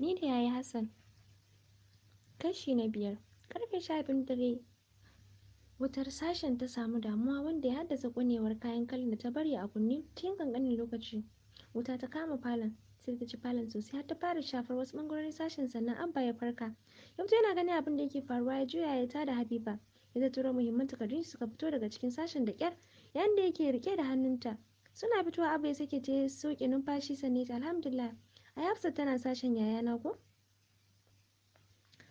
Ni da yayi Hassan. Kashi na biyar. Karfe sha biyun dare wutar sashen ta samu damuwa wanda ya haddasa ƙonewar kayan kallon da ta bari a kunne cikin ƙanƙanin lokaci. Wuta ta kama falon sai ta ci falon sosai har ta fara shafar wasu ɓangarorin sashen sannan Abba ya farka. Yau yana ganin abin da yake faruwa ya juya ya tada Habiba. Ya turo muhimman takardun suka fito daga cikin sashen da ƙyar yayin da yake riƙe da hannunta. Suna fitowa Abba ya sake ta ya soke numfashi sannan ya alhamdulillah. ai Hafsat tana sashen yayana ko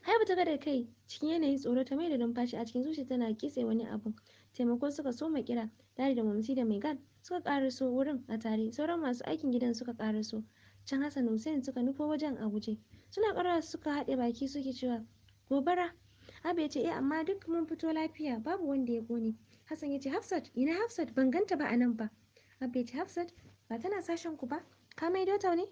Haibu ta da kai cikin yanayin tsoro ta da numfashi a cikin zuciya tana kitse wani abu. Taimako suka soma kira, Dari da Mamsi da mai Megan suka karaso wurin a tare, sauran masu aikin gidan suka karaso. Can Hassan Hussein suka nufo wajen a guje. Suna ƙara suka haɗe baki suke cewa gobara. Abu ya ce eh amma duk mun fito lafiya babu wanda ya gone. Hassan ya ce Hafsat ina Hafsat ban ganta ba a nan ba. Abu ya ce Hafsat ba tana sashen ku ba? Ka maido ta ne?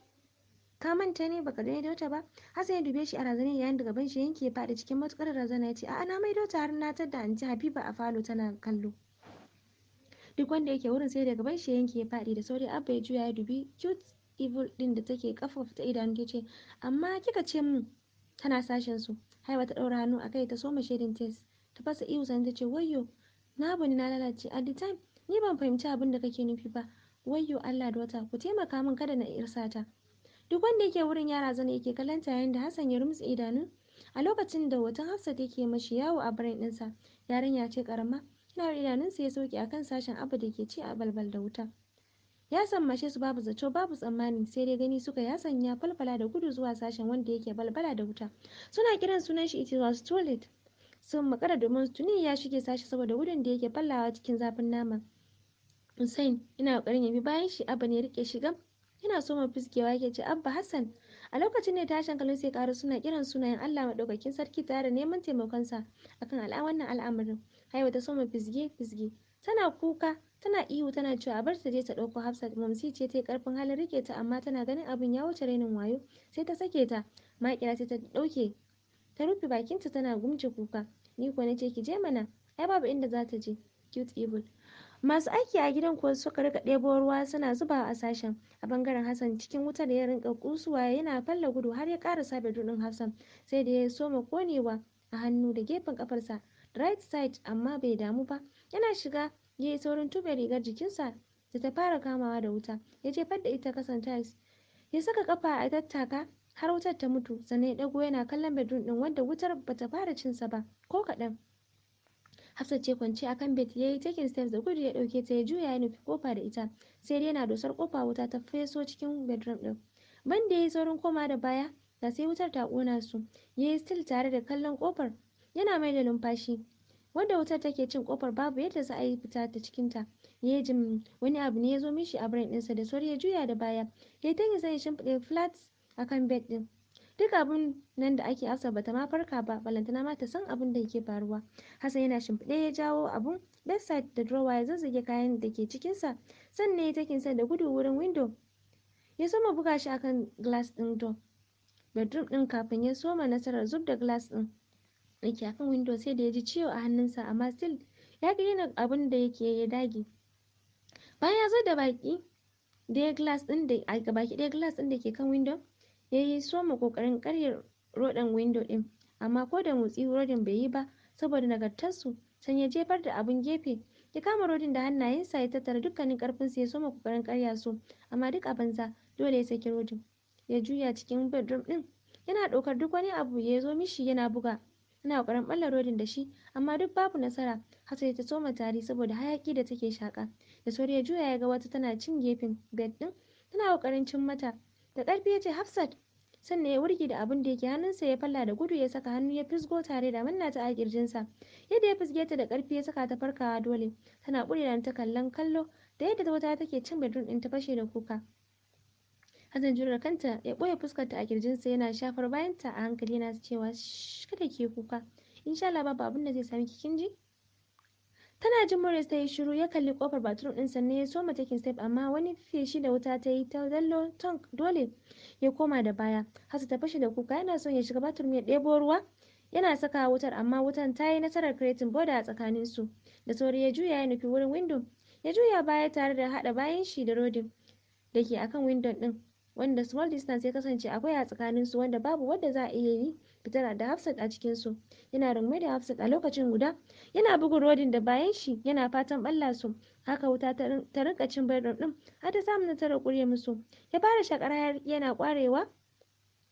ka manta ne baka daido dauta ba Hassan ya dube shi a razana yayin da gaban shi yanke ya faɗi cikin matukar razana ya ce a'a na mai ta har na tadda anti Habiba a falo tana kallo duk wanda yake wurin sai da gaban shi yanke faɗi da sauri abba ya juya ya dubi cute evil din da take kafa ta idanu ta amma kika ce min tana sashen su hai ta daura hannu akai ta soma shedin test ta fasa ihu sannan ta ce wayyo na bani na lalace at the time ni ban fahimci abin da kake nufi ba wayyo Allah da wata ku taimaka min kada na irsata Duk wanda yake wurin yara zana yake ta yayin da Hassan ya rumtse idanun? A lokacin da hoton Hafsat yake mashi yawo a barin ɗinsa, yarinya ce karama. idanun sa ya sauke akan sashen abu da ke ci a balbal da wuta. Ya sammashe su babu zato babu tsammani sai dai gani suka ya sanya falfala da gudu zuwa sashen wanda yake balbala da wuta. Suna kiran sunan shi ita was toilet. Sun makara domin tuni ya shige sashi saboda gudun da yake fallawa cikin zafin nama. Hussein ina ƙoƙarin ya bayan shi abu ne rike shi yana so ma fisgewa yake ce abba hassan a lokacin ne tashin kallo sai karu suna kiran sunayen allah maɗaukakin sarki tare da neman taimakon sa akan wannan al'amarin haiwa ta so ma fisge tana kuka tana ihu tana cewa a bar ta je ta ɗauko hafsa mamsi ce ta yi karfin halin rike ta amma tana ganin abin ya wuce rainin wayo sai ta sake ta makira sai ta ɗauke ta rufe bakinta tana gumce kuka ni ko na ce ki je mana ai babu inda za ta je cute evil Masu aiki a gidan kuwa suka rika ɗebo ruwa suna zubawa a sashen. A ɓangaren Hassan cikin wuta da ya rinƙa kusuwa yana falla gudu har ya ƙarasa bedroom ɗin hassan sai da ya soma konewa a hannu da gefen ƙafarsa right side amma bai damu ba. Yana shiga ya yi saurin tube rigar jikinsa da ta fara kamawa da wuta ya jefar da ita ƙasan tiles. Ya saka ƙafa a tattaka har wutar ta mutu sannan ya ɗago yana kallon bedroom ɗin wanda wutar bata fara cinsa ba ko kaɗan. Hafsat ce kwance a kan bed yayi taking steps da gudu ya ɗauke ta ya juya ya nufi kofa da ita sai dai yana dosar kofa wuta ta feso cikin bedroom ɗin. Ban da yi saurin koma da baya da sai wutar ta ƙona su yayi still tare da kallon kofar yana mai da numfashi wanda wutar take cin kofar babu yadda za a yi fita ta cikin ta yayi wani abu ne ya zo mishi a brain ɗinsa da sauri ya juya da baya ya yayi ta yin sai shimfiɗe flats kan bed ɗin duk abun nan da ake asa bata ma farka ba balantana ma ta san abun da yake faruwa Hassan yana shimfiɗe ya jawo abun bedside da drawer ya zazzage kayan da ke cikinsa sannan ya takin sa da gudu wurin window ya soma buga shi akan glass ɗin door bedroom ɗin kafin ya soma nasarar zub da glass ɗin da akan window sai da ya ji ciwo a hannunsa amma still ya ga yana abun da yake ya dage bayan ya zo da baki ɗaya glass ɗin da a baki ɗaya glass ɗin da ke kan window ya yi soma ƙoƙarin karya rodin windo ɗin amma ko da motsi rodin bai yi ba saboda nagartarsu can ya jefar da abun gefe ya kama rodin da hannayensa ya tattara dukkanin sa ya soma ƙoƙarin karya su amma duk a banza dole ya saki rodin ya juya cikin bedroom ɗin yana ɗaukar duk wani abu ya zo mishi yana buga yana ƙoƙarin ɓalla rodin da shi amma duk babu nasara hasali ta soma tari saboda hayaƙi da take shaƙa da sauri ya juya ya ga wata tana cin gefen bed ɗin tana ƙoƙarin cin mata da ƙarfi ya ce hafsat sannan ya wurgi da abin da yake hannunsa ya falla da gudu ya saka hannu ya fisgo tare da manna ta a kirjinsa yadda ya fisge ta da ƙarfi ya saka ta farkawa dole tana ƙuriran ta kallon kallo da yadda ta wata take cin bedroom ɗin ta fashe da kuka Hassan jurar kanta ya ɓoye fuskarta a kirjinsa yana shafar bayanta a hankali yana cewa kada ke kuka insha Allah babu abin da zai sami ki kin ji tana jin muryar ta yi shiru ya kalli kofar bathroom din sannan ya soma takin step amma wani feshi da wuta ta yi ta dallo tank dole ya koma da baya hasa ta fashe da kuka yana son ya shiga bathroom ya ɗebo ruwa yana saka wutar amma wutan ta yi nasarar kretin boda a tsakanin su da sauri ya juya ya nufi wurin window ya juya baya tare da haɗa bayan shi da rodin da ke akan window din wanda small distance ya kasance akwai a tsakaninsu wanda babu wadda za a iya yi fitar da Hafsat a cikin su Yana rungume da Hafsat a lokacin guda, yana bugun rodin da bayan shi yana fatan balla su. Haka wuta ta rinka cin bairon din har ta samu nasarar kure musu. Ya fara shakar yana kwarewa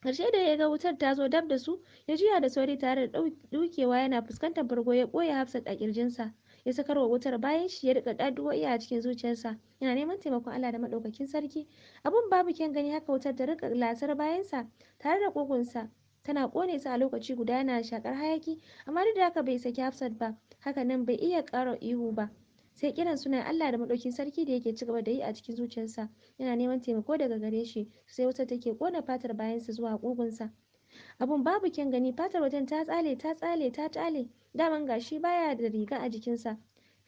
Karshe da ya ga wutar ta zo dab da su, ya juya da sauri tare da dukewa yana fuskantar bargo ya ɓoye Hafsat a ƙirjinsa. ya sakarwa wutar bayan shi ya rika addu'o'i a cikin zuciyarsa yana neman taimakon Allah da madaukakin sarki abun babu kyan gani haka wutar ta rika lasar bayansa tare da ƙugunsa tana kone su a lokaci guda yana shakar hayaki amma duk da haka bai saki Hafsat ba haka nan bai iya ƙara ihu ba sai kiran sunan Allah da madaukin sarki da yake cigaba da yi a cikin zuciyarsa yana neman taimako daga gare shi sai wutar take kona fatar bayansa zuwa ƙugunsa abun babu kyan gani fatar wajen ta tsale ta tsale ta tsale daman gashi baya da riga a jikinsa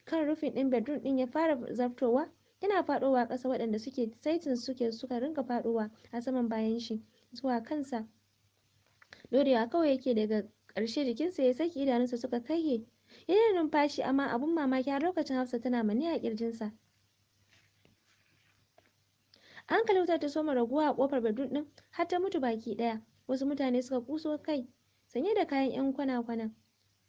kan rufin ɗin bedroom ɗin ya fara zartowa yana faɗowa ƙasa waɗanda suke saitin suke suka ringa fadowa a saman bayan shi zuwa kansa dorewa kawai yake daga ƙarshe jikinsa ya saki idanunsa suka kaihe yana numfashi amma abun mamaki har lokacin hafsa tana mani a ƙirjinsa hankali wutar ta soma raguwa a kofar bedroom din har ta mutu baki ɗaya. wasu mutane suka kuso kai sanye da kayan 'yan kwana-kwana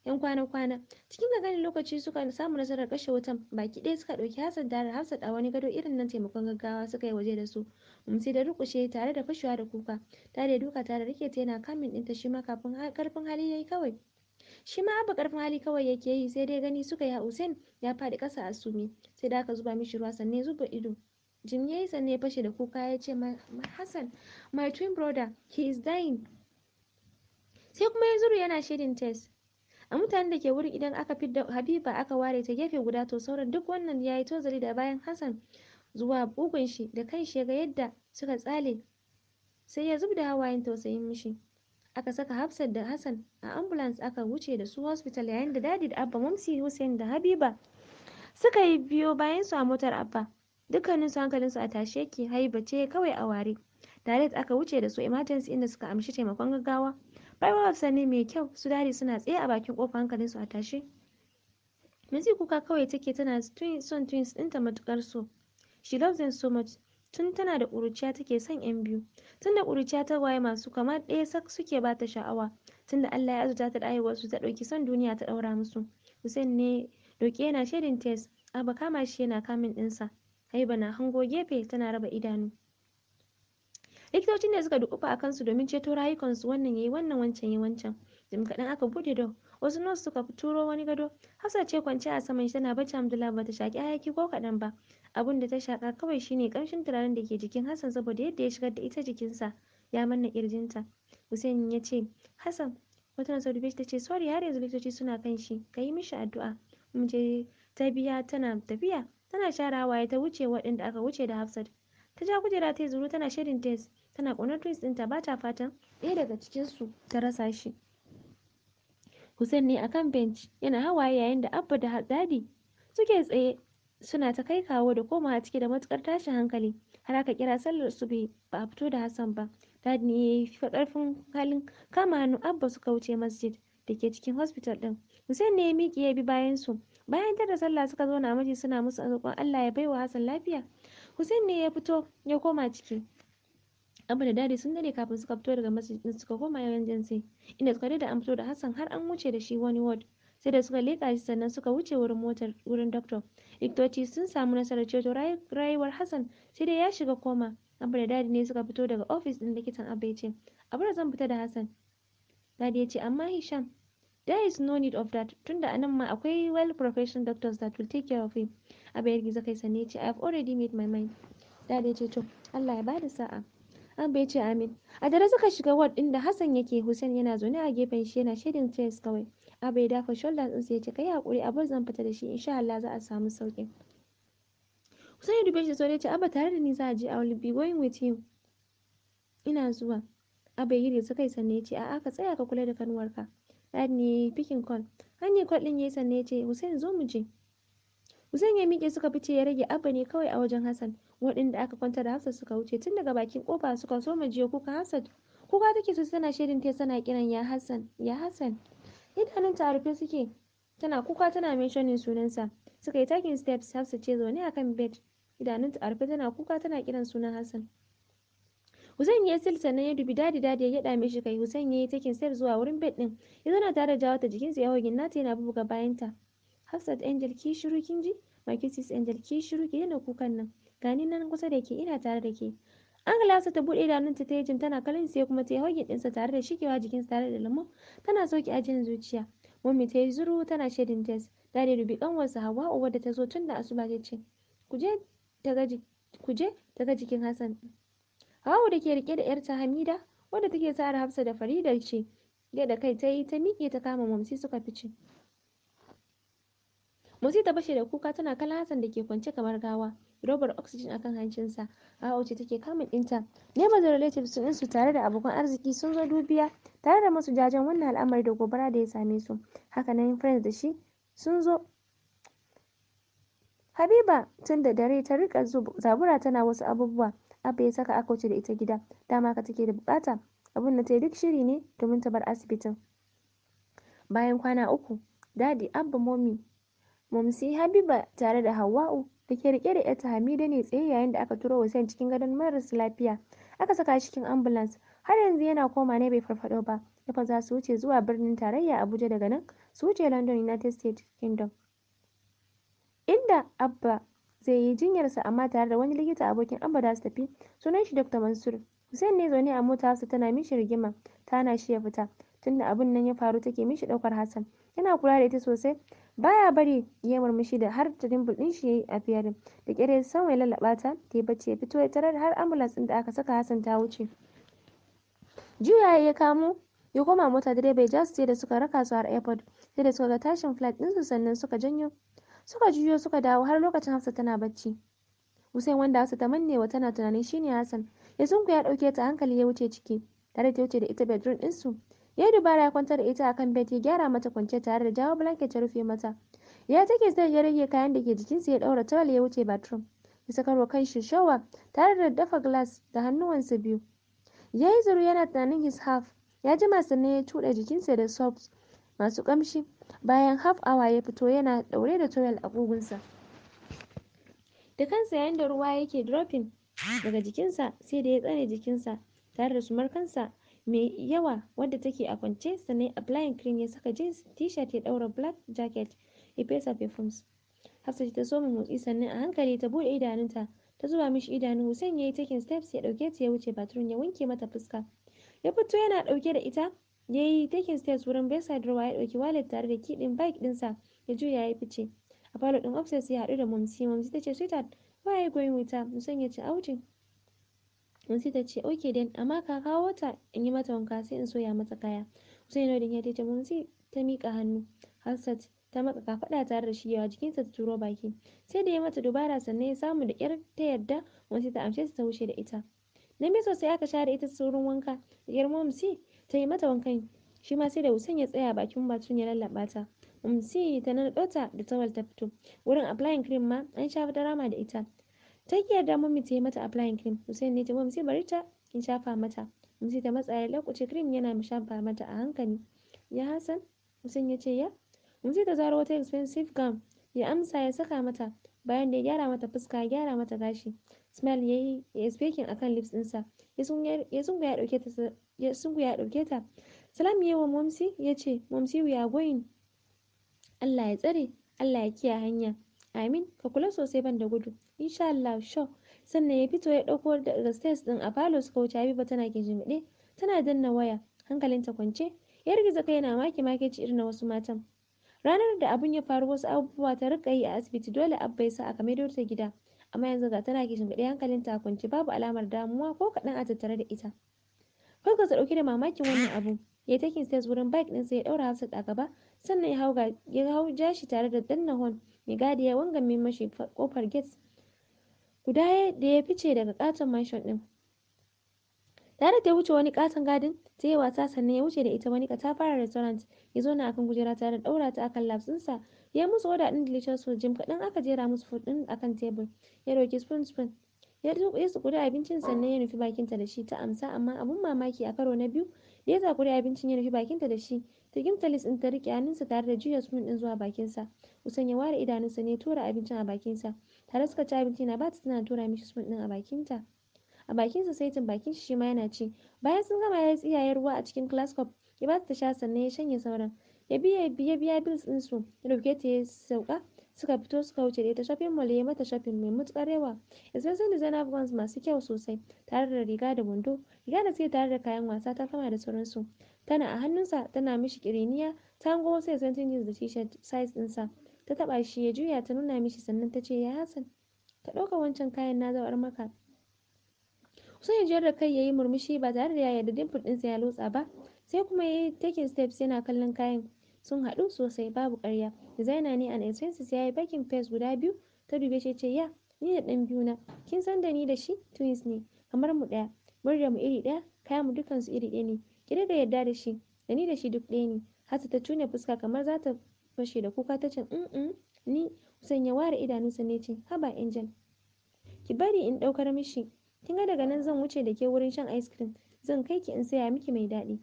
yan kwana-kwana cikin gagarin lokaci suka samu nasarar kashe wutan baki ɗaya suka ɗauki hassan da hafsat a wani gado irin na taimakon gaggawa suka yi waje da su umsi da rukushe tare da fashewa da kuka tare da duka tare da rike ta yana kamin ɗinta shi ma kafin karfin hali yayi kawai shi ma abu karfin hali kawai yake yi sai dai gani suka yi hussein ya faɗi ƙasa a sumi sai da aka zuba mishi ruwa sannan zuba ido Jim ya yi sannan fashe da kuka ya ce Hassan my twin brother he is dying sai kuma ya zuru yana shirin test a mutanen da ke wuri idan aka fidda Habiba aka ware ta gefe guda to sauran duk wannan ya yi tozali da bayan Hassan zuwa bugun shi da kai shi ga yadda suka tsale sai ya zub da hawayen tausayin mishi aka saka Hafsat da Hassan a ambulance aka wuce da su hospital yayin da dadi da Abba Mamsi Hussain da Habiba suka yi biyo bayan su a motar Abba dukkaninsu hankalinsu a tashe yake haiba ce kawai a ware direct aka wuce da su emergency inda suka amshi taimakon gaggawa baiwa wasanni mai kyau su dare suna tsaye a bakin kofar hankalinsu a tashe Missy kuka kawai take tana son twins ɗinta matukar so. She loves them so much. Tun tana da ƙuruciya take son ‘yan biyu. Tun da ƙuruciya ta waye masu kamar ɗaya sak suke ba ta sha'awa. Tun da Allah ya azuta ta da wasu ta ɗauki son duniya ta ɗaura musu. Hussein ne doke yana shedin test. Abba kama shi yana kamin ɗinsa. Haiba bana hango gefe tana raba idanu. likitocin ne suka dukufa a kansu domin ceto rayukansu wannan yayi wannan wancan yayi wancan. Jim kaɗan aka buɗe do. Wasu nos suka turo wani gado. Hafsat ce kwance a saman shi tana bacci abdullahi bata shaki hayaki ko kaɗan ba. Abun da ta shaka kawai shine kamshin turaren da ke jikin Hassan saboda yadda ya shigar da ita jikinsa ya manna kirjinta. Hussein ya ce, Hassan, wata sau dubi ta ce, sorry har yanzu likitoci suna kan shi, ka yi mishi addu'a. Mun je ta biya tana tafiya tana share hawaye ta wuce waɗanda aka wuce da hafsat ta ja kujera ta zuru tana shirin tes tana ƙaunar twins ɗin ta bata fatan ɗaya daga cikin su ta rasa shi hussein ne akan bench yana hawaye yayin da abba da dadi suke tsaye suna ta kai kawo da komawa cike da matukar tashin hankali har aka kira sallar su bai ba a fito da hassan ba dadi ne ya yi karfin halin kama hannu abba suka wuce masjid da ke cikin hospital ɗin hussein ne ya miƙe ya bi bayan su bayan tara sallah suka zauna a miji suna musu roƙon allah ya baiwa hassan lafiya hussein ne ya fito ya koma ciki abu da dadi sun dare kafin suka fito daga masjidin suka koma jinsi. inda suka da an fito da hassan har an wuce da shi wani ward sai da suka leƙa shi sannan suka wuce wurin motar wurin doctor likitoci sun samu nasarar ceto rayuwar hassan sai dai ya shiga koma abu da dadi ne suka fito daga ofis ɗin likitan abu ya da zan fita da hassan dadi ya ce amma hisham there is no need of that tunda anan ma akwai well professional doctors that will take care of him abu ya gizo kai sanne ce i have already made my mind da ya ce to Allah ya bada sa'a an bai ce amin a dare suka shiga ward din da Hassan yake Hussein yana zaune a gefen shi yana shedin chairs kawai abu ya dafa shoulder din sai ya ce kai hakuri abu zan fita da shi insha Allah za a samu sauki Hussein ya dube shi sai ya ce abba tare da ni za a je I will be going with you ina zuwa abu ya girgiza kai sanne ya ce a'a ka tsaya ka kula da kanuwarka Dad pikin fikin call. Hanyar call ya yi ya ce Hussein zo mu je. Hussein ya miƙe suka fice ya rage Abba ne kawai a wajen Hassan. Waɗanda aka kwanta da hassan suka wuce tun daga bakin kofa suka so mu kuka hassan Kuka take so tana shirin ta tana kiran ya Hassan ya Hassan. Idanunta a rufe suke tana kuka tana mentionin sunansa. Suka yi taking steps hassan ce zaune akan bed. Idanunta a rufe tana kuka tana kiran sunan Hassan. Hussein ya sil sannan ya dubi dadi dadi ya gyada mishi kai Hussein ya yi takin sayar zuwa wurin bed din. Ya zauna tare da ta jikinsa ya hogin nata yana bubuga bayanta. Hafsat Angel ki shiru kin ji? Markisis Angel ki shiru ki yana kukan nan. Gani nan kusa da ke ina tare da ke. Anglasa ta buɗe idanun ta yi jin tana kallon sai kuma ta yi hogin ɗinsa tare da shigewa jikinsa tare da lamu tana soki jin zuciya. Mummy ta yi zuru tana shedin test. Dare dubi kanwarsa Hawa'u wadda ta zo tun da asuba ta ce, kuje kuje ta ga jikin Hassan." Hawu da ke rike da ‘yarta Hamida, wadda take sare Hafsa da Farida ce, da kai ta yi ta miƙe ta kama Mamsi suka fice. Mamsi ta bashe da kuka tana kallon Hassan da ke kwance kamar gawa, robar oxygen akan hancinsa. Awo ce take kamun ɗinta. Neman da relatives sun su tare da abokan arziki sun zo dubiya tare da masu jajen wannan al'amari da gobara da ya same su. Haka nan friends da shi sun zo. Habiba tun da dare ta rika zabura tana wasu abubuwa abba ya saka aka wuce da ita gida dama ka take da bukata abin da ta yi duk shiri ne domin ta bar asibitin bayan kwana uku dadi abba momi momsi habiba tare da hawa'u da ke rike da yata hamida ne tsaye yayin da aka turo hussein cikin gadon marasa lafiya aka saka shi cikin ambulance har yanzu yana koma ne bai farfaɗo ba ya za su wuce zuwa birnin tarayya abuja daga nan su wuce london united states kingdom inda abba zai yi jinyarsa amma tare da wani likita abokin amba da su tafi sunan shi dr mansur hussein ne zaune a motarsa tana mishi rigima tana shi ya fita tunda abin nan ya faru take mishi daukar hassan yana kula da ita sosai baya bari ya murmushi da har da dimbul din shi yayi a fiyarin da kire san wai lalaba ta ta yi bacci ya fito ya tarar har ambulance din da aka saka hassan ta wuce juya ya kamo ya koma mota direba ya ja da suka raka su har airport sai da suka ga tashin flight su sannan suka janyo Suka juyo suka dawo har lokacin Hafsa tana bacci. Usain wanda Hafsa ta manne wa tana tunanin shine Hassan. Ya sunku ya ɗauke ta hankali ya wuce ciki. Tare ta wuce da ita bedroom ɗinsu. Ya yi dubara ya kwantar da ita akan bed ya gyara mata kwance tare da jawo blanket ya rufe mata. Ya take sai ya rage kayan da ke jikinsa ya ɗaura tawal ya wuce bathroom. Ya sakar kan shi tare da dafa glass da hannuwansa biyu. Ya yi zuru yana tunanin his half. Ya jima sannan ya cuɗa jikinsa da soft. masu ƙamshi bayan half hour ya fito yana ɗaure da towel a ƙugunsa da kansa yayin da ruwa yake dropping daga jikinsa sai da ya tsare jikinsa tare da sumarkansa mai yawa wadda take a kwance sannan applying cream ya saka jeans t-shirt ya daura black jacket ya fesa perfumes hafsa ta soma motsi sannan a hankali ta bude idanunta ta zuba mishi idanu hussein ya yi taking steps ya dauke ta ya wuce bathroom ya wanke mata fuska ya fito yana dauke da ita ya yi taking steps wurin Bayside sadarwa ya ɗauki wallet tare da kiɗin bike ɗinsa ya juya ya fice a falo ɗin offices ya haɗu da momsi momsi ta ce sweetheart why are you going with her musan ya ce outing momsi ta ce okay then amma ka kawo ta in yi mata wanka sai in soya mata kaya musan ya nodin ya ce mamsi ta miƙa hannu Hansat ta maka kafaɗa tare da shi yawa jikinsa ta turo baki sai da ya mata dubara sannan ya samu da ƙyar ta yarda momsi ta amshe ta wuce da ita na sosai aka share ita saurin wanka da yar mamsi ta yi mata wankan shi ma sai da Hussein ya tsaya bakin batun ya lallaɓa ta umsi ta naɗota da tawal ta fito wurin applying cream ma an shafa rama da ita ta ki yarda mummy ta yi mata applying cream Hussein ne ta sai bari ta in shafa mata umsi ta matsa ya lokaci cream yana shafa mata a hankali ya Hassan Hussein ya ce ya umsi ta zaro wata expensive gown ya amsa ya saka mata bayan da ya gyara mata fuska ya gyara mata gashi smile ya yi speaking akan lips ɗinsa ya sunga ya ɗauke ta sungu ya ɗauke ta salam yi wa momsi ya ce momsi ya goyin allah ya tsare allah ya kiya hanya amin ka kula sosai ban da gudu insha allah sho sannan ya fito ya ɗauko daga stairs ɗin a falo suka wuce habiba tana ke jimiɗe tana danna waya hankalinta kwance ya rigiza kai yana maki makeci irin na wasu matan ranar da abun ya faru wasu abubuwa ta rika yi a asibiti dole abba ya sa aka maido ta gida amma yanzu ga tana ke gaɗe hankalinta kwance babu alamar damuwa ko kaɗan a tattare da ita Farko sa dauke da mamakin wannan abu Ya takin stairs wurin bike ɗinsa ya ɗaura Hafsat a gaba sannan ya hau ya hau jashi tare da danna hon mai gadi ya mai mashi kofar gate guda da ya fice daga katon mansion din. Tare da ya wuce wani katon gadin sai ya wasa sannan ya wuce da ita wani katafaren restaurant ya zauna akan kujera tare da ɗaura ta akan lapsinsa ya musu oda ɗin delicious food jim kaɗan aka jera musu food ɗin akan tebur ya roki spoon spoon ya tsukuri abincin sannan ya nufi bakinta da shi ta amsa amma abun mamaki a karo na biyu da ya tsakuri abincin ya nufi bakinta da shi ta gimta lis ɗin ta riƙe hannunsa tare da juya spoon ɗin zuwa bakinsa kusan ya ware idanunsa ne tura abincin a bakinsa tare suka ci abinci na bata tana tura mishi spoon ɗin a bakinta a bakinsa sai tun bakin shi ma yana ci bayan sun gama ya tsiyayen ruwa a cikin class cup ya bata ta sha sannan ya shanye sauran ya biya biya bills ɗinsu ya ɗauke ta ya sauka suka fito suka wuce da ta shopping mall ya mata shopping mai matuƙar yawa especially zana afghans masu kyau sosai tare da riga da wando riga da suke tare da kayan wasa ta kama da sauransu tana a hannunsa tana mishi kiriniya ta hango wasu yasantin jeans da t-shirt size ta taba shi ya juya ta nuna mishi sannan ta ce ya hasan ka dauka wancan kayan na zawar maka sai ya jiyar da kai ya yi murmushi ba tare da ya yarda dimple sa ya lotsa ba sai kuma ya yi taking steps yana kallon kayan sun haɗu sosai babu ƙarya designer ne an expenses yi bakin face guda biyu ta dube shi ce ya ni da ɗan biyu na kin san da ni da shi twins ne kamar mu ɗaya murya mu iri ɗaya kaya mu dukansu iri ɗaya ne ki da yarda da shi da ni da shi duk ɗaya ne hasa ta cune fuska kamar za ta fashe da kuka ta ce mm ni sanya ware idanunsa ne ce haba angel ki bari in ɗaukar mishi kin ga daga nan zan wuce da ke wurin shan ice cream zan kai ki in saya miki mai daɗi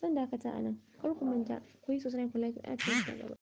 zan dakata anan. kar ku manta ku yi subscribe ku like a cikin gaba